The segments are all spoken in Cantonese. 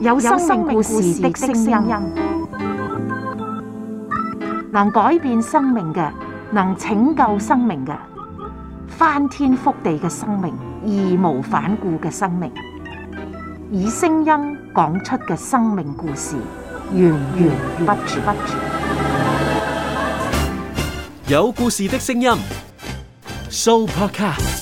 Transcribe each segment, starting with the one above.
有生命故事的聲音，能改變生命嘅，能拯救生命嘅，翻天覆地嘅生命，義無反顧嘅生命，以聲音講出嘅生命故事，源源不絕。有故事的聲音，Soul Podcast。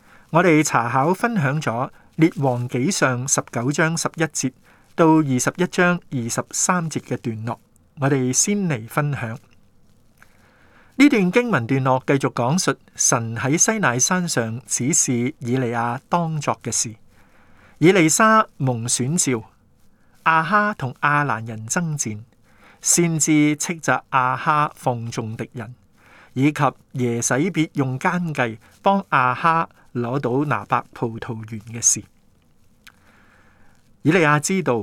我哋查考分享咗列王紀上十九章十一節到二十一章二十三節嘅段落，我哋先嚟分享呢段經文段落，繼續講述神喺西奈山上指示以利亞當作嘅事。以利沙蒙選召，阿哈同阿蘭人爭戰，先至斥責阿哈放縱敵人。以及耶洗別用奸計幫亞哈攞到拿伯葡萄園嘅事，以利亞知道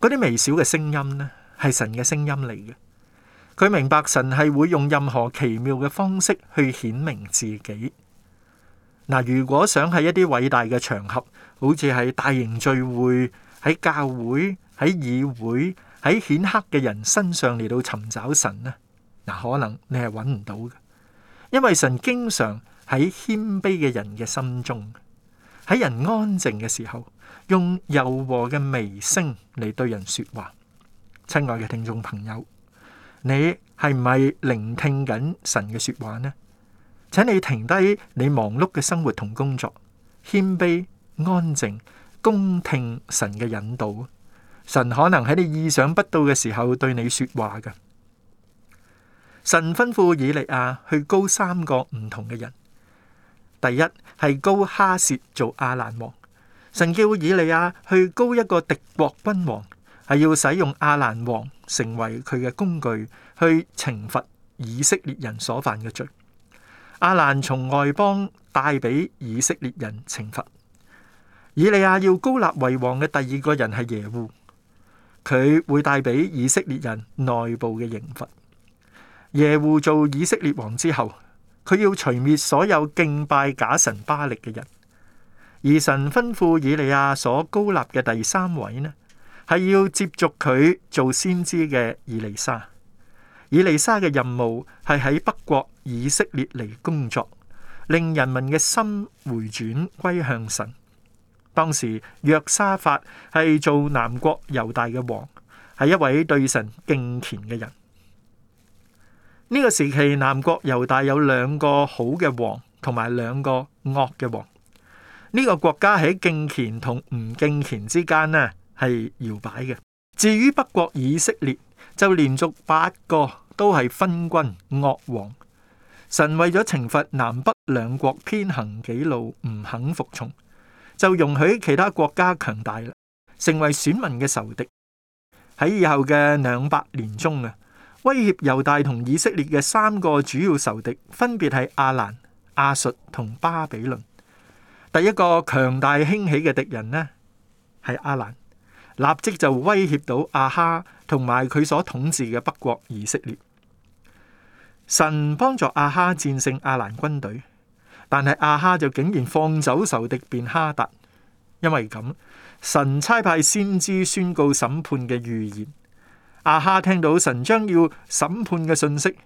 嗰啲微小嘅聲音呢，係神嘅聲音嚟嘅。佢明白神係會用任何奇妙嘅方式去顯明自己。嗱，如果想喺一啲偉大嘅場合，好似係大型聚會、喺教會、喺議會、喺顯赫嘅人身上嚟到尋找神呢？嗱，可能你係揾唔到嘅，因為神經常喺謙卑嘅人嘅心中，喺人安靜嘅時候，用柔和嘅微聲嚟對人說話。親愛嘅聽眾朋友，你係唔係聆聽緊神嘅說話呢？請你停低你忙碌嘅生活同工作，謙卑安靜，恭聽神嘅引導。神可能喺你意想不到嘅時候對你說話嘅。神吩咐以利亞去高三個唔同嘅人，第一係高哈薛做亞蘭王。神叫以利亞去高一個敵國君王，係要使用亞蘭王成為佢嘅工具去懲罰以色列人所犯嘅罪。亞蘭從外邦帶俾以色列人懲罰。以利亞要高立為王嘅第二個人係耶戶，佢會帶俾以色列人內部嘅刑罰。耶戶做以色列王之後，佢要除滅所有敬拜假神巴力嘅人，而神吩咐以利亞所高立嘅第三位呢，係要接續佢做先知嘅以利沙。以利沙嘅任務係喺北國以色列嚟工作，令人民嘅心回轉歸向神。當時約沙法係做南國猶大嘅王，係一位對神敬虔嘅人。呢個時期，南國猶大有兩個好嘅王，同埋兩個惡嘅王。呢、呢個國家喺敬虔同唔敬虔之間呢，係搖擺嘅。至於北國以色列，就連續八個都係昏君惡王。神為咗懲罰南北兩國偏行己路，唔肯服從，就容許其他國家強大啦，成為選民嘅仇敵。喺以後嘅兩百年中啊。威脅猶大同以色列嘅三個主要仇敵，分別係亞蘭、亞述同巴比倫。第一個強大興起嘅敵人呢，係亞蘭，立即就威脅到阿哈同埋佢所統治嘅北國以色列。神幫助阿哈戰勝亞蘭軍隊，但係阿哈就竟然放走仇敵便哈達，因為咁，神差派先知宣告審判嘅預言。阿哈聽到神將要審判嘅信息，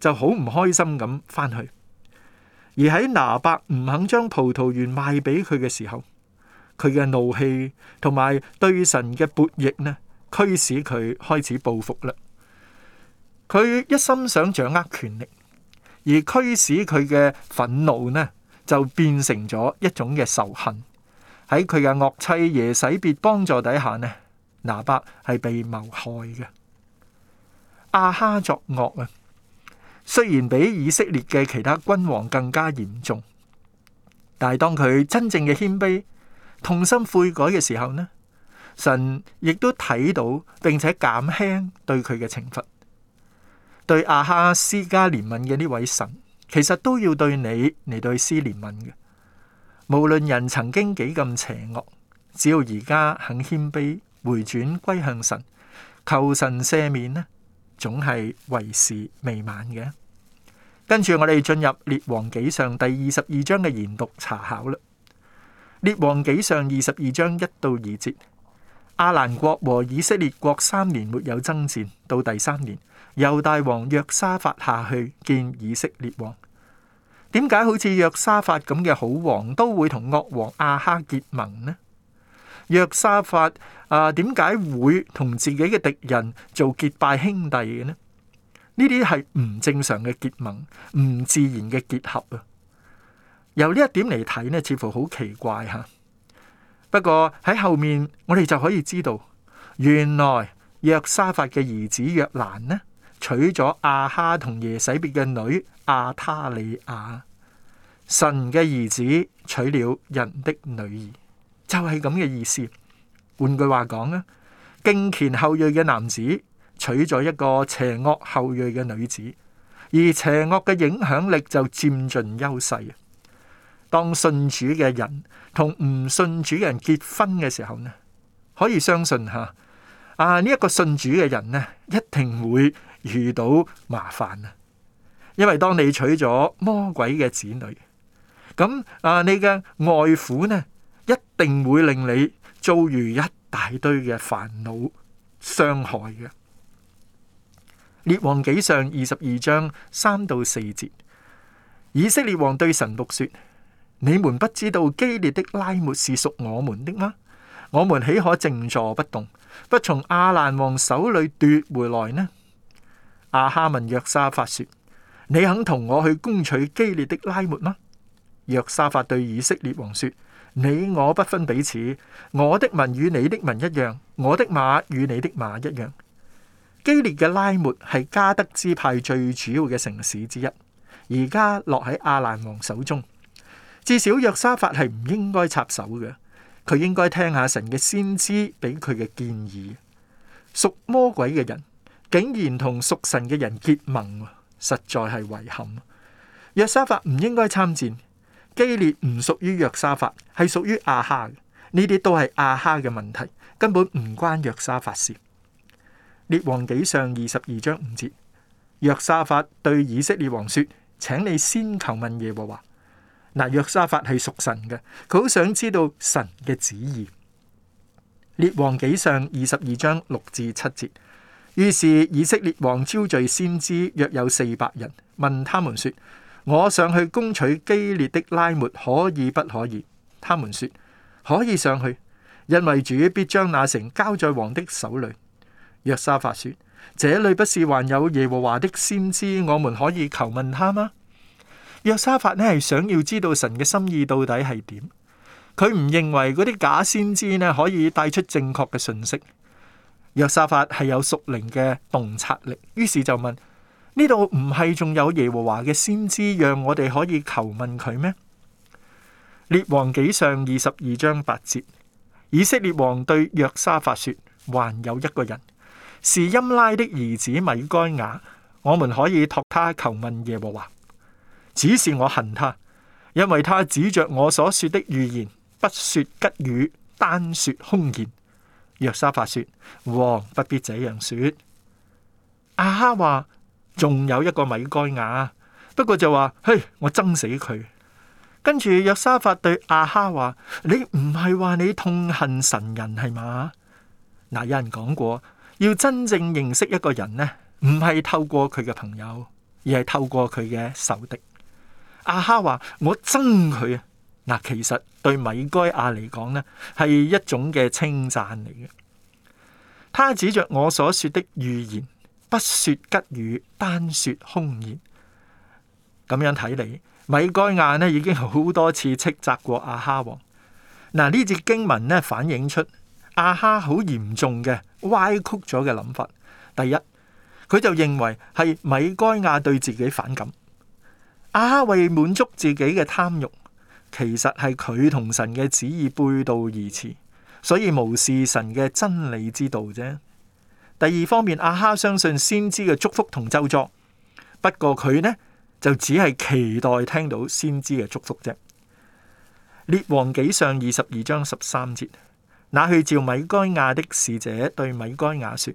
就好唔開心咁返去。而喺拿伯唔肯將葡萄園賣俾佢嘅時候，佢嘅怒氣同埋對神嘅悖逆呢，驅使佢開始報復啦。佢一心想掌握權力，而驅使佢嘅憤怒呢，就變成咗一種嘅仇恨。喺佢嘅惡妻耶洗別幫助底下呢，拿伯係被謀害嘅。亞哈作惡啊，雖然比以色列嘅其他君王更加嚴重，但係當佢真正嘅謙卑、痛心悔改嘅時候呢，神亦都睇到，並且減輕對佢嘅懲罰。對亞哈施加憐憫嘅呢位神，其實都要對你嚟對施憐憫嘅。無論人曾經幾咁邪惡，只要而家肯謙卑回轉歸向神，求神赦免呢，總係為時未晚嘅。跟住我哋進入列王紀上第二十二章嘅研讀查考啦。列王紀上二十二章一到二節，阿蘭國和以色列國三年沒有爭戰，到第三年，猶大王約沙法下去見以色列王。點解好似約沙法咁嘅好王都會同惡王阿哈結盟呢？約沙法啊，點解會同自己嘅敵人做結拜兄弟嘅呢？呢啲係唔正常嘅結盟，唔自然嘅結合啊！由呢一點嚟睇呢，似乎好奇怪吓。不過喺後面我哋就可以知道，原來約沙法嘅兒子約蘭呢，娶咗阿哈同耶洗別嘅女阿塔利亞。神嘅兒子娶了人的女兒。就係咁嘅意思。換句話講啊，敬虔後裔嘅男子娶咗一個邪惡後裔嘅女子，而邪惡嘅影響力就佔盡優勢。當信主嘅人同唔信主人結婚嘅時候呢，可以相信吓啊呢一、這個信主嘅人呢，一定會遇到麻煩啊。因為當你娶咗魔鬼嘅子女，咁啊你嘅外父呢？一定會令你遭遇一大堆嘅煩惱傷害嘅。列王紀上二十二章三到四節，以色列王對臣僕說：你們不知道基列的拉末是屬我們的嗎？我們豈可靜坐不動，不從亞蘭王手裏奪回來呢？亞哈問約沙法說：你肯同我去攻取基列的拉末嗎？約沙法對以色列王說。你我不分彼此，我的民與你的民一樣，我的馬與你的馬一樣。基列嘅拉末係加得支派最主要嘅城市之一，而家落喺亞蘭王手中。至少約沙法係唔應該插手嘅，佢應該聽下神嘅先知俾佢嘅建議。屬魔鬼嘅人竟然同屬神嘅人結盟，實在係遺憾。約沙法唔應該參戰。基列唔屬於約沙法，係屬於亞哈嘅。呢啲都係亞哈嘅問題，根本唔關約，約沙法事。列王紀上二十二章五節，約沙法對以色列王說：請你先求問耶和華。嗱，約沙法係屬神嘅，佢好想知道神嘅旨意。列王紀上二十二章六至七節，於是以色列王招聚先知約有四百人，問他們說。我上去攻取基列的拉末，可以不可以？他們說可以上去，因為主必將那城交在王的手裏。約沙法說：這裏不是還有耶和華的先知，我們可以求問他嗎？約沙法呢係想要知道神嘅心意到底係點，佢唔認為嗰啲假先知呢可以帶出正確嘅信息。約沙法係有屬靈嘅洞察力，於是就問。呢度唔係仲有耶和華嘅先知讓我哋可以求問佢咩？列王紀上二十二章八節，以色列王對約沙法說：還有一個人，是音拉的兒子米該亞，我們可以託他求問耶和華。只是我恨他，因為他指着我所說的預言，不說吉語，單說凶言。約沙法說：王不必這樣說。亞哈話。仲有一個米該亞，不過就話：嘿，我憎死佢。跟住約沙法對阿哈話：你唔係話你痛恨神人係嘛？嗱，有人講過，要真正認識一個人呢，唔係透過佢嘅朋友，而係透過佢嘅仇敵。阿哈話：我憎佢。嗱，其實對米該亞嚟講呢，係一種嘅稱讚嚟嘅。他指着我所說的預言。不說吉語，單說空言。咁樣睇嚟，米該亞呢已經好多次斥責過阿哈王。嗱，呢節經文呢，反映出阿哈好嚴重嘅歪曲咗嘅諗法。第一，佢就認為係米該亞對自己反感。阿哈為滿足自己嘅貪慾，其實係佢同神嘅旨意背道而馳，所以無視神嘅真理之道啫。第二方面，阿哈相信先知嘅祝福同周作，不過佢呢就只係期待聽到先知嘅祝福啫。列王紀上二十二章十三節，那去召米該亞的使者對米該亞說：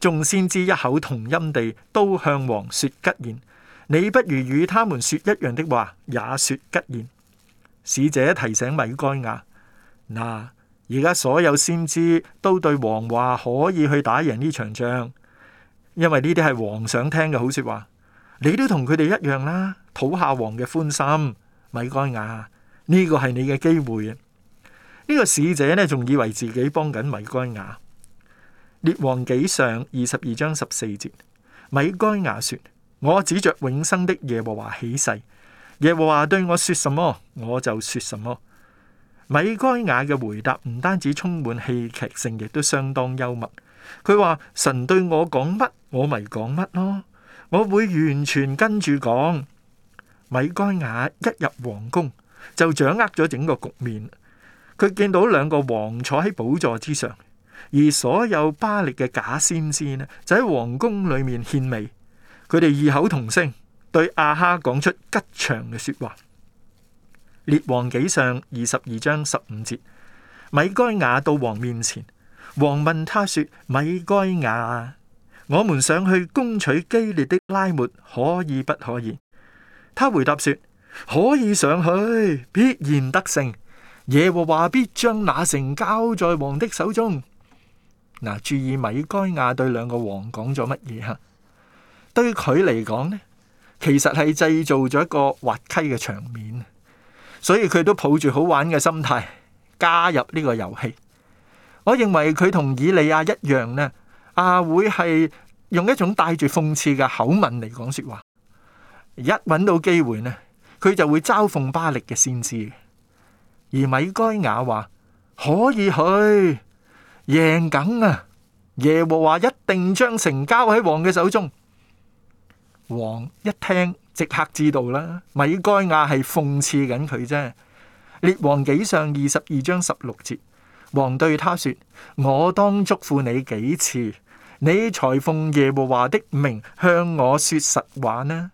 眾先知一口同音地都向王說吉言，你不如與他們說一樣的話，也說吉言。使者提醒米該亞，嗱。」而家所有先知都對王話可以去打贏呢場仗，因為呢啲係王想聽嘅好說話。你都同佢哋一樣啦，討下王嘅歡心。米該亞，呢個係你嘅機會。呢個使者呢，仲以為自己幫緊米該亞。列王紀上二十二章十四節，米該亞說：我指着永生的耶和華起誓，耶和華對我說什麼，我就說什麼。米該雅嘅回答唔單止充滿戲劇性，亦都相當幽默。佢話：神對我講乜，我咪講乜咯，我會完全跟住講。米該雅一入皇宮，就掌握咗整個局面。佢見到兩個王坐喺寶座之上，而所有巴力嘅假仙仙咧，就喺皇宮裏面獻媚。佢哋異口同聲對阿哈講出吉祥嘅說話。列王紀上二十二章十五節，米該雅到王面前，王問他說：米該雅，我們上去攻取基列的拉末，可以不可以？他回答說：可以上去，必然得勝。耶和華必將那城交在王的手中。嗱、啊，注意米該雅對兩個王講咗乜嘢啊？對佢嚟講呢，其實係製造咗一個滑稽嘅場面。所以佢都抱住好玩嘅心態加入呢個遊戲。我認為佢同以利亞一樣呢，啊會係用一種帶住諷刺嘅口吻嚟講說話。一揾到機會呢，佢就會嘲諷巴力嘅先知。而米該雅話可以去，贏梗啊！耶和華一定將城交喺王嘅手中。王一聽。即刻知道啦！米該亞係諷刺緊佢啫。列王紀上二十二章十六節，王對他說：我當囑咐你幾次，你才奉耶和華的名向我說實話呢？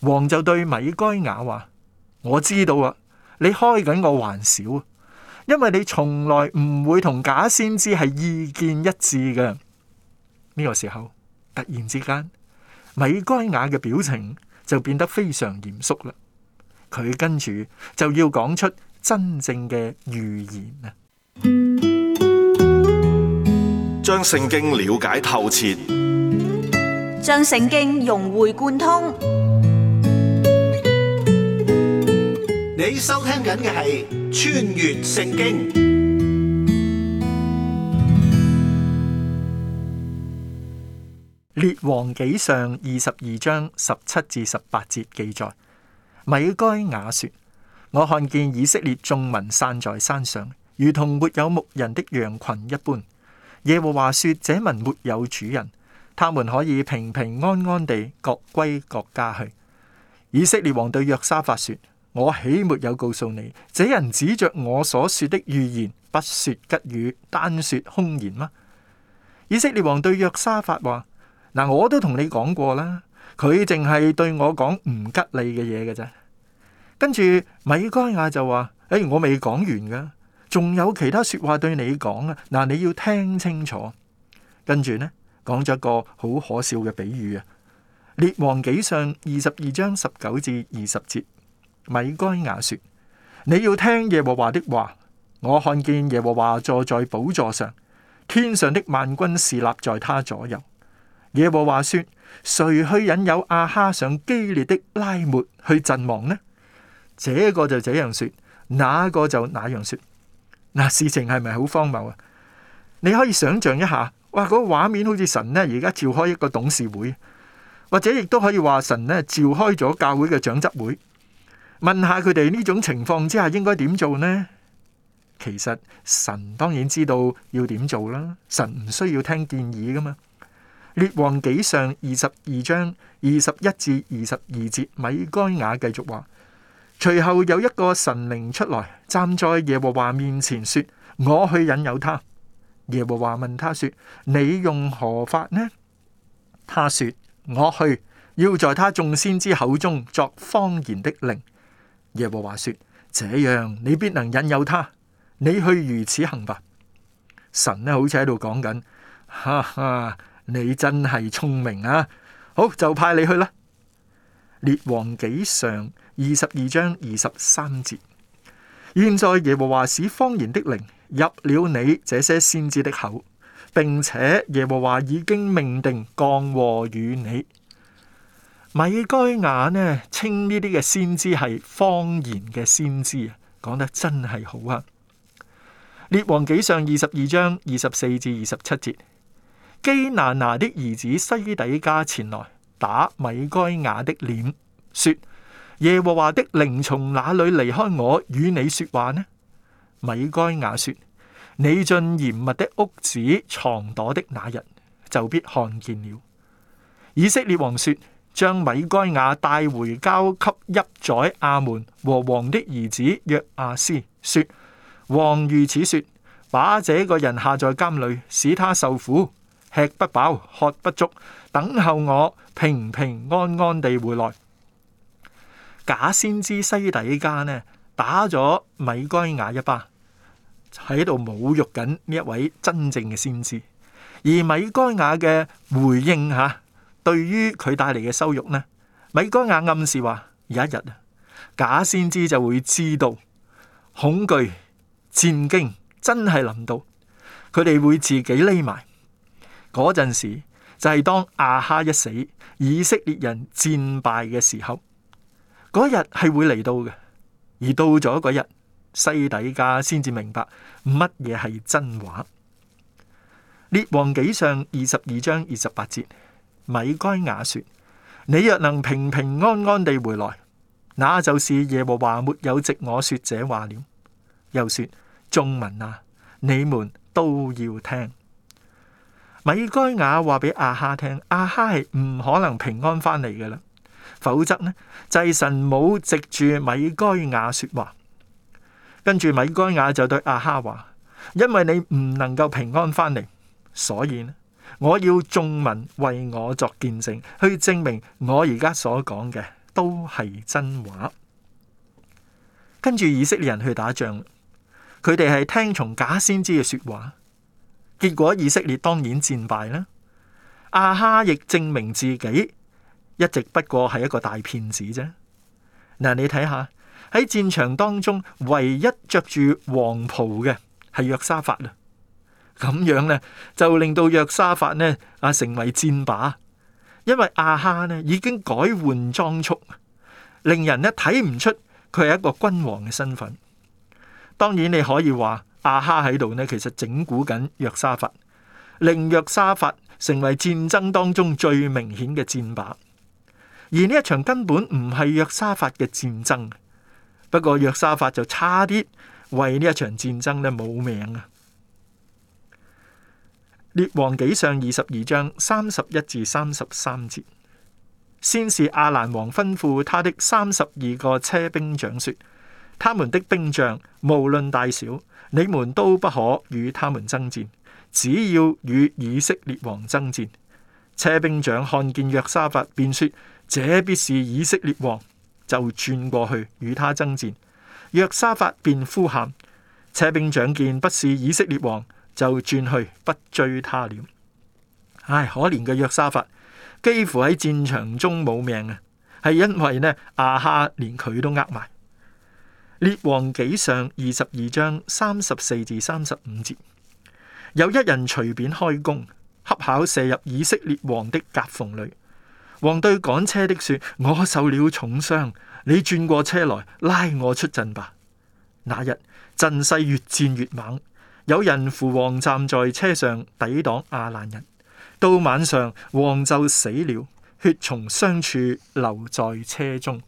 王就對米該亞話：我知道啊，你開緊我玩笑啊，因為你從來唔會同假先知係意見一致嘅。呢、這個時候突然之間，米該亞嘅表情。就變得非常嚴肅啦。佢跟住就要講出真正嘅預言啦，將聖經了解透徹，將聖經融會貫通。你收聽緊嘅係《穿越聖經》。列王紀上二十二章十七至十八節記載，米該雅說：我看見以色列眾民散在山上，如同沒有牧人的羊群一般。耶和華說：這民沒有主人，他們可以平平安安地各歸各家去。以色列王對約沙法說：我豈沒有告訴你，這人指着我所說的預言不說吉語，單說空言嗎？以色列王對約沙法話。嗱、啊，我都同你講過啦，佢淨係對我講唔吉利嘅嘢嘅啫。跟住，米該亞就話：哎，我未講完噶，仲有其他說話對你講啊。嗱，你要聽清楚。跟住呢，講咗一個好可笑嘅比喻啊，《列王紀上》二十二章十九至二十節，米該亞說：你要聽耶和華的話。我看見耶和華坐在寶座上，天上的萬軍侍立在他左右。耶和華說：誰去引誘亞哈上激烈的拉末去陣亡呢？這個就這樣說，那個就那樣說。嗱，事情係咪好荒謬啊？你可以想象一下，哇！嗰個畫面好似神呢，而家召開一個董事會，或者亦都可以話神呢召開咗教會嘅長執會，問下佢哋呢種情況之下應該點做呢？其實神當然知道要點做啦，神唔需要聽建議㗎嘛。列王紀上二十二章二十一至二十二節，米該雅繼續話：隨後有一個神靈出來，站在耶和華面前說：我去引誘他。耶和華問他說：你用何法呢？他說：我去要在他眾先知口中作謊言的靈。耶和華說：這樣你必能引誘他。你去如此行吧。神呢，好似喺度講緊，哈哈。你真係聰明啊！好，就派你去啦。列王紀上二十二章二十三節，現在耶和華使謊言的靈入了你這些先知的口，並且耶和華已經命定降禍於你。米該雅呢，稱呢啲嘅先知係謊言嘅先知啊，講得真係好啊！列王紀上二十二章二十四至二十七節。基拿拿的兒子西底加前來打米該雅的臉，說：耶和華的靈從哪裏離開我，與你說話呢？米該雅說：你進嚴密的屋子藏躲的那日，就必看見了。以色列王說：將米該雅帶回交給邑宰亞門和王的兒子約阿斯，說：王如此說，把這個人下在監裏，使他受苦。吃不飽，喝不足，等候我平平安安地回來。假先知西底家呢，打咗米該雅一巴，喺度侮辱緊呢一位真正嘅先知。而米該雅嘅回應吓，對於佢帶嚟嘅羞辱呢，米該雅暗示話有一日啊，假先知就會知道恐懼戰驚，真係諗到佢哋會自己匿埋。嗰陣時就係、是、當亞哈一死，以色列人戰敗嘅時候，嗰日係會嚟到嘅。而到咗嗰日，西底家先至明白乜嘢係真話。列王紀上二十二章二十八節，米該雅說：你若能平平安安地回來，那就是耶和華沒有藉我說這話了。又說眾民哪，你們都要聽。米該雅話俾阿哈聽，阿哈係唔可能平安返嚟嘅啦，否則呢祭神冇藉住米該雅說話。跟住米該雅就對阿哈話：因為你唔能夠平安返嚟，所以呢，我要眾民為我作見證，去證明我而家所講嘅都係真話。跟住以色列人去打仗，佢哋係聽從假先知嘅說話。結果以色列當然戰敗啦。阿哈亦證明自己一直不過係一個大騙子啫。嗱，你睇下喺戰場當中，唯一着住黃袍嘅係約沙法啦。咁樣咧就令到約沙法咧啊成為戰靶，因為阿哈咧已經改換裝束，令人咧睇唔出佢係一個君王嘅身份。當然你可以話。亞哈喺度呢？其實整蠱緊約沙法，令約沙法成為戰爭當中最明顯嘅戰靶。而呢一場根本唔係約沙法嘅戰爭，不過約沙法就差啲為呢一場戰爭咧冇命啊！列王紀上二十二章三十一至三十三節，先是亞蘭王吩咐他的三十二個車兵長說。他們的兵將無論大小，你們都不可與他們爭戰，只要與以色列王爭戰。車兵長看見約沙法，便說：這必是以色列王，就轉過去與他爭戰。約沙法便呼喊，車兵長見不是以色列王，就轉去不追他了。唉，可憐嘅約沙法，幾乎喺戰場中冇命啊！係因為呢亞哈連佢都呃埋。列王紀上二十二章三十四至三十五節，有一人隨便開弓，恰巧射入以色列王的甲縫裏。王對趕車的說：我受了重傷，你轉過車來拉我出陣吧。那日陣勢越戰越猛，有人扶王站在車上抵擋亞蘭人。到晚上，王就死了，血從傷處流在車中。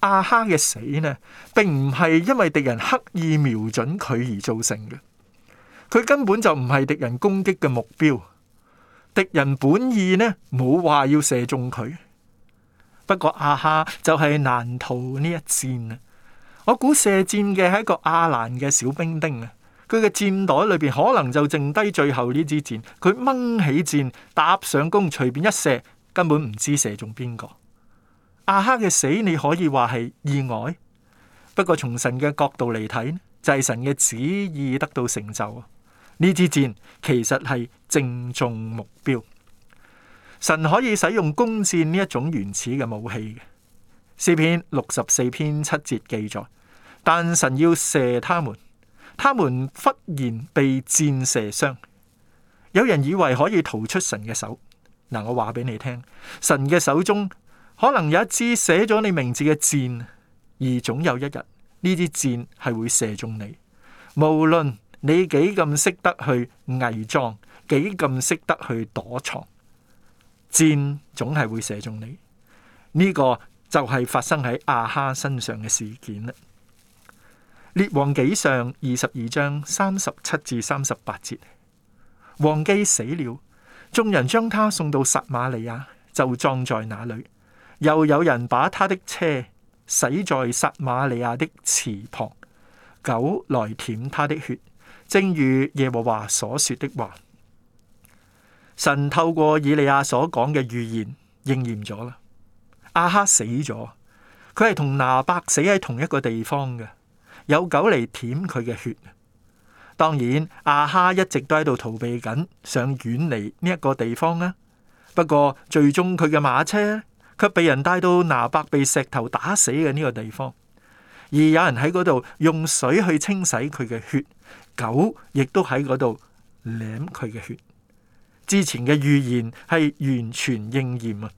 阿哈嘅死呢，並唔係因為敵人刻意瞄準佢而造成嘅，佢根本就唔係敵人攻擊嘅目標。敵人本意呢，冇話要射中佢。不過阿哈就係難逃呢一箭啊！我估射箭嘅係一個亞蘭嘅小兵丁啊，佢嘅箭袋裏邊可能就剩低最後呢支箭，佢掹起箭搭上弓，隨便一射，根本唔知射中邊個。亞哈嘅死你可以話係意外，不過從神嘅角度嚟睇，就係神嘅旨意得到成就。呢支箭其實係正中目標，神可以使用弓箭呢一種原始嘅武器嘅。詩篇六十四篇七節記載，但神要射他們，他們忽然被箭射傷。有人以為可以逃出神嘅手，嗱，我話俾你聽，神嘅手中。可能有一支寫咗你名字嘅箭，而總有一日呢啲箭係會射中你。無論你幾咁識得去偽裝，幾咁識得去躲藏，箭總係會射中你。呢、這個就係發生喺亞哈身上嘅事件啦。列王紀上二十二章三十七至三十八節，王既死了，眾人將他送到撒瑪利亞，就葬在那裏。又有人把他的車洗在撒瑪利亞的池旁，狗來舔他的血，正如耶和華所說的話。神透過以利亞所講嘅預言應驗咗啦。亞哈死咗，佢係同拿伯死喺同一個地方嘅，有狗嚟舔佢嘅血。當然，亞哈一直都喺度逃避緊，想遠離呢一個地方啊。不過最終佢嘅馬車。佢被人帶到拿伯被石頭打死嘅呢個地方，而有人喺嗰度用水去清洗佢嘅血，狗亦都喺嗰度舐佢嘅血。之前嘅預言係完全應驗啊！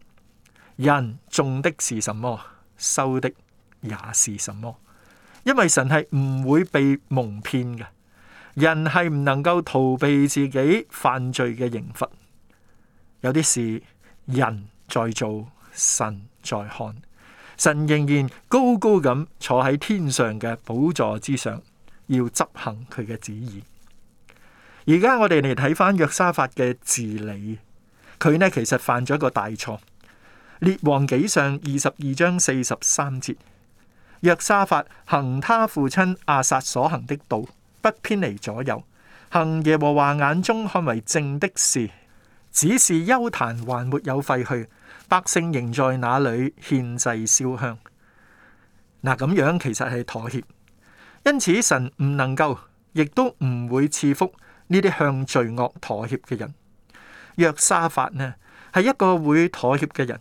人種的是什麼，收的也是什麼，因為神係唔會被蒙騙嘅。人係唔能夠逃避自己犯罪嘅刑罰。有啲事，人在做。神在看，神仍然高高咁坐喺天上嘅寶座之上，要執行佢嘅旨意。而家我哋嚟睇返約沙法嘅治理，佢呢其實犯咗一個大錯。列王紀上二十二章四十三節，約沙法行他父親亞撒所行的道，不偏離左右，行耶和華眼中看為正的事，只是邱壇還沒有廢去。百姓仍在那裏獻祭燒香，嗱，咁樣其實係妥協，因此神唔能夠，亦都唔會賜福呢啲向罪惡妥協嘅人。約沙法呢係一個會妥協嘅人，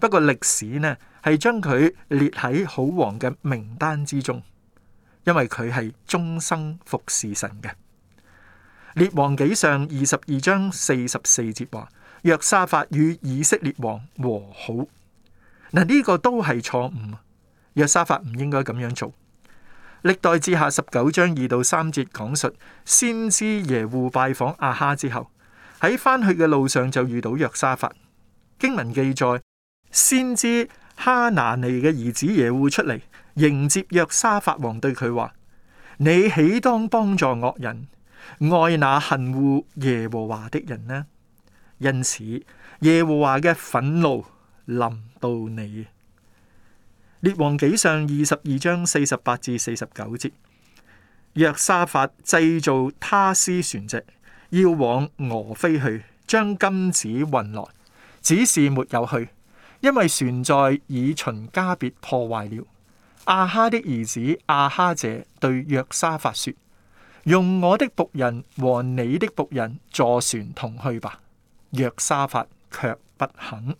不過歷史呢係將佢列喺好王嘅名單之中，因為佢係終生服侍神嘅。列王紀上二十二章四十四節話。約沙法與以色列王和好，嗱、這、呢個都係錯誤。約沙法唔應該咁樣做。歷代志下十九章二到三節講述，先知耶戶拜訪阿哈之後，喺翻去嘅路上就遇到約沙法。經文記載，先知哈拿尼嘅兒子耶戶出嚟迎接約,約沙法王對，對佢話：你豈當幫助惡人、愛那恨惡耶和華的人呢？因此，耶和華嘅憤怒臨到你。列王紀上二十二章四十八至四十九節，約沙法製造他斯船隻，要往俄非去，將金子運來，只是沒有去，因為船在以秦家別破壞了。阿哈的兒子阿哈者對約沙法說：用我的僕人和你的僕人坐船同去吧。約沙法卻不肯。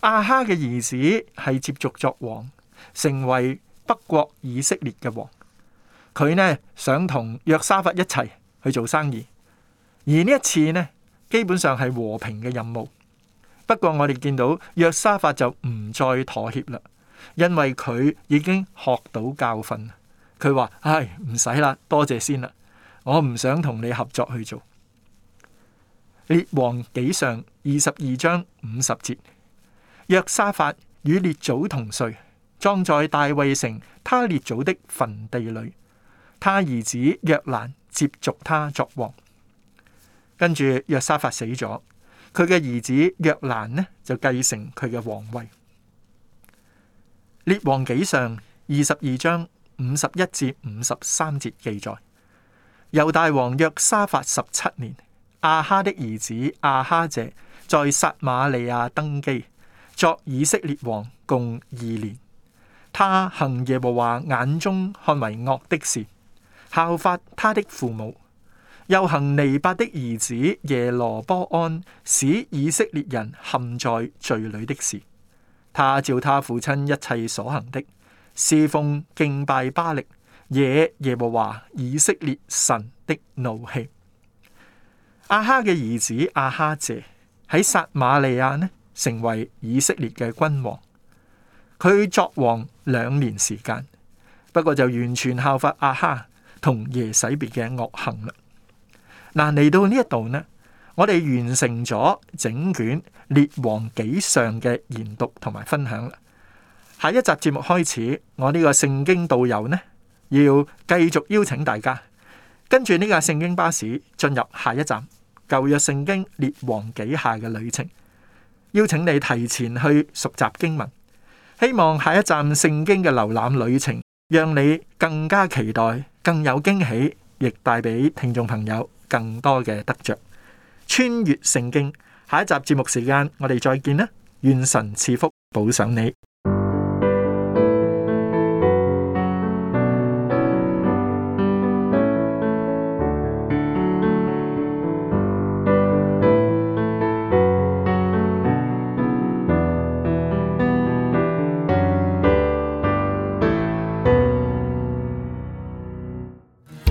阿哈嘅兒子係接續作王，成為北國以色列嘅王。佢呢想同約沙法一齊去做生意，而呢一次呢，基本上係和平嘅任務。不過我哋見到約沙法就唔再妥協啦，因為佢已經學到教訓。佢話：唉、哎，唔使啦，多謝先啦，我唔想同你合作去做。列王紀上二十二章五十節，約沙法與列祖同睡，葬在大衛城他列祖的墳地裏。他兒子約蘭接續他作王。跟住約沙法死咗，佢嘅兒子約蘭呢就繼承佢嘅皇位。列王紀上二十二章五十一至五十三節記載，猶大王約沙法十七年。亞哈的兒子亞哈謝在撒瑪利亞登基作以色列王，共二年。他行耶和華眼中看為惡的事，效法他的父母，又行尼伯的兒子耶羅波安使以色列人陷在罪裏的事。他照他父親一切所行的，侍奉敬拜巴力，惹耶和華以色列神的怒氣。阿哈嘅兒子阿哈謝喺撒瑪利亞呢，成為以色列嘅君王。佢作王兩年時間，不過就完全效法阿哈同耶洗別嘅惡行啦。嗱、啊，嚟到呢一度呢，我哋完成咗整卷列王紀上嘅研讀同埋分享。下一集節目開始，我呢個聖經導遊呢要繼續邀請大家跟住呢個聖經巴士進入下一站。舊約聖經列王紀下嘅旅程，邀請你提前去熟習經文，希望下一站聖經嘅瀏覽旅程，讓你更加期待，更有驚喜，亦帶俾聽眾朋友更多嘅得着。穿越聖經，下一集節目時間，我哋再見啦！願神賜福保賞你。